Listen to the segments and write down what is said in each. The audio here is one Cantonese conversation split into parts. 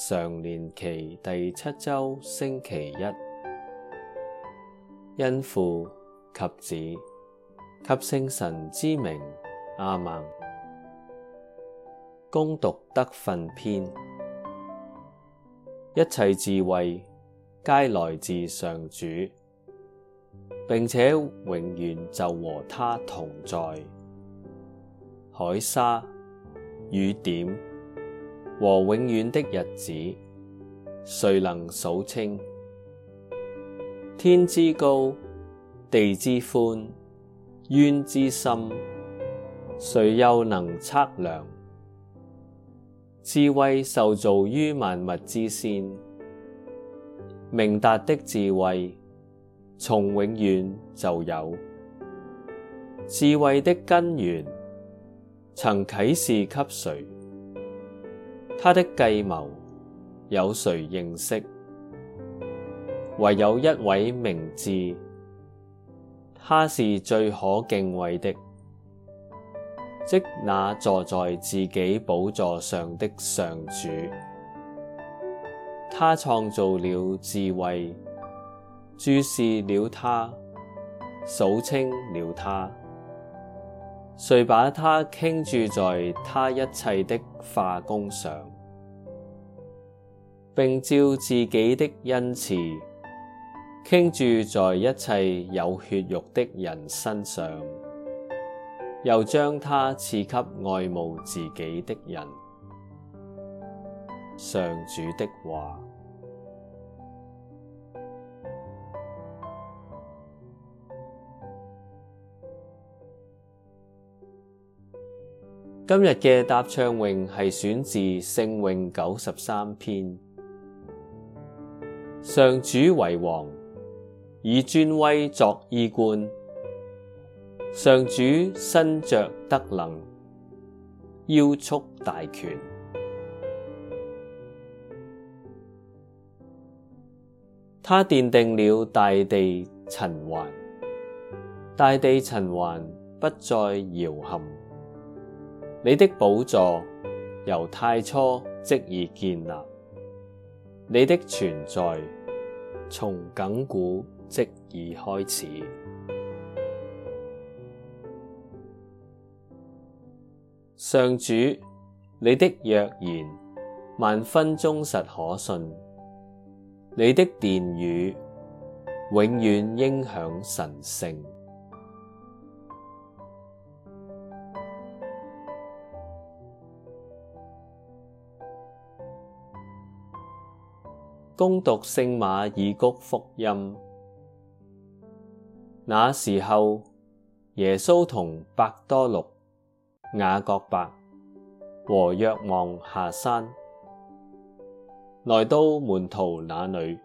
常年期第七周星期一，因父及子及聖神之名，阿們。恭讀德訓篇，一切智慧皆來自上主，並且永遠就和他同在。海沙雨點。和永遠的日子，誰能數清？天之高，地之寬，淵之深，誰又能測量？智慧受造於萬物之先；明達的智慧從永遠就有。智慧的根源，曾啟示給誰？他的計謀有誰認識？唯有一位明智，他是最可敬畏的，即那坐在自己寶座上的上主。他創造了智慧，注視了他，數清了他。遂把他傾注在他一切的化工上，並照自己的恩賜，傾注在一切有血肉的人身上，又將他賜給愛慕自己的人。上主的話。今日嘅答唱詠係選自聖詠九十三篇。上主為王，以尊威作衣冠。上主身著德能，腰束大權。他奠定了大地塵寰，大地塵寰不再搖撼。你的寶座由太初即已建立，你的存在從亙古即已開始。上主，你的約言萬分忠實可信，你的殿宇永遠應享神聖。恭讀《聖馬爾谷福音》。那時候，耶穌同伯多祿、雅各伯和若望下山，來到門徒那裏，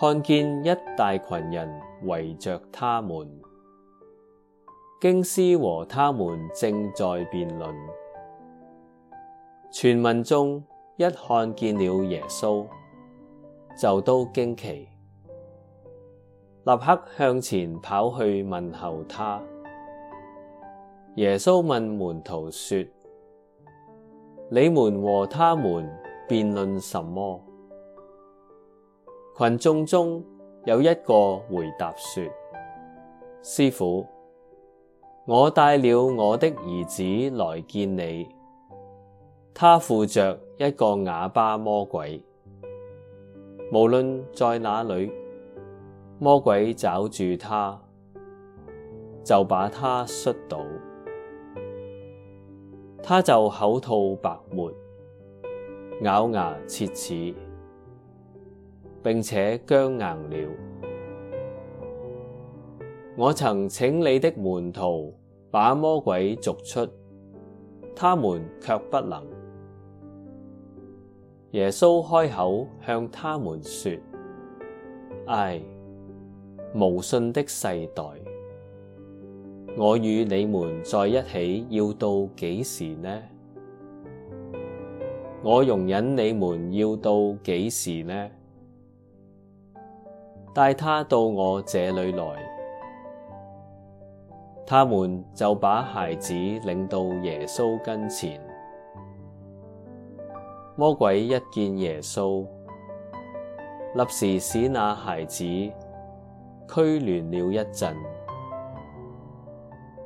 看見一大群人圍着他們，經師和他們正在辯論。全民眾一看見了耶穌，就都驚奇，立刻向前跑去問候他。耶穌問門徒說：你們和他們辯論什麼？群眾中有一個回答說：師傅，我帶了我的兒子來見你，他附着一個啞巴魔鬼。無論在哪裏，魔鬼抓住他，就把他摔倒，他就口吐白沫，咬牙切齒，並且僵硬了。我曾請你的門徒把魔鬼逐出，他們卻不能。耶穌開口向他們說：「唉，無信的世代，我與你們在一起要到幾時呢？我容忍你們要到幾時呢？帶他到我這裏來。」他們就把孩子領到耶穌跟前。魔鬼一見耶穌，立時使那孩子拘攣了一陣，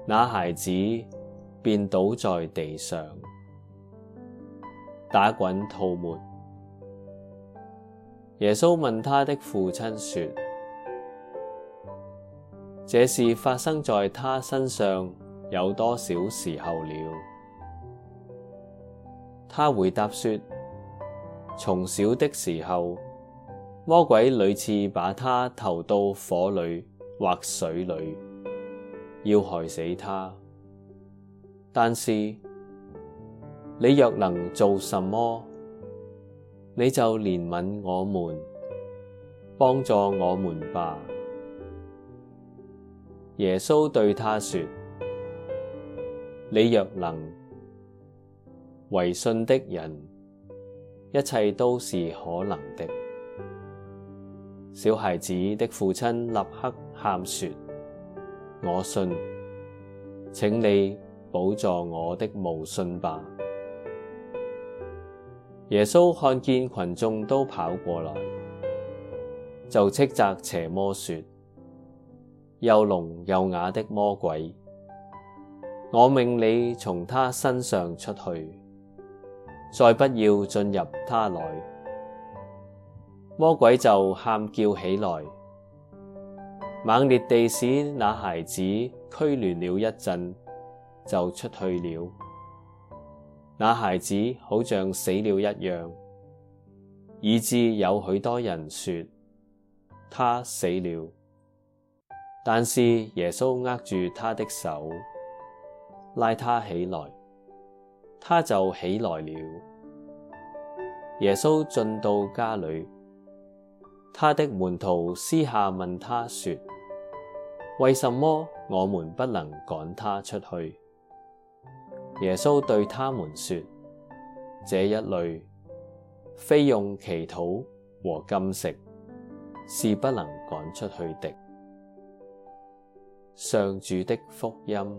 那孩子便倒在地上打滾吐沫。耶穌問他的父親說：「這事發生在他身上有多少時候了？」他回答說：從小的時候，魔鬼屢次把他投到火裏或水裏，要害死他。但是你若能做什麼，你就憐憫我們，幫助我們吧。耶穌對他說：你若能，為信的人。一切都是可能的。小孩子的父親立刻喊說：我信，請你補助我的無信吧。耶穌看見群眾都跑過來，就斥責邪魔說：又聾又啞的魔鬼，我命你從他身上出去！再不要進入他內！魔鬼就喊叫起來，猛烈地使那孩子拘攣了一陣，就出去了。那孩子好像死了一樣，以致有許多人說他死了。但是耶穌握住他的手，拉他起來。他就起來了。耶穌進到家裏，他的門徒私下問他說：為什麼我們不能趕他出去？耶穌對他們說：這一類非用祈禱和禁食是不能趕出去的。上主的福音。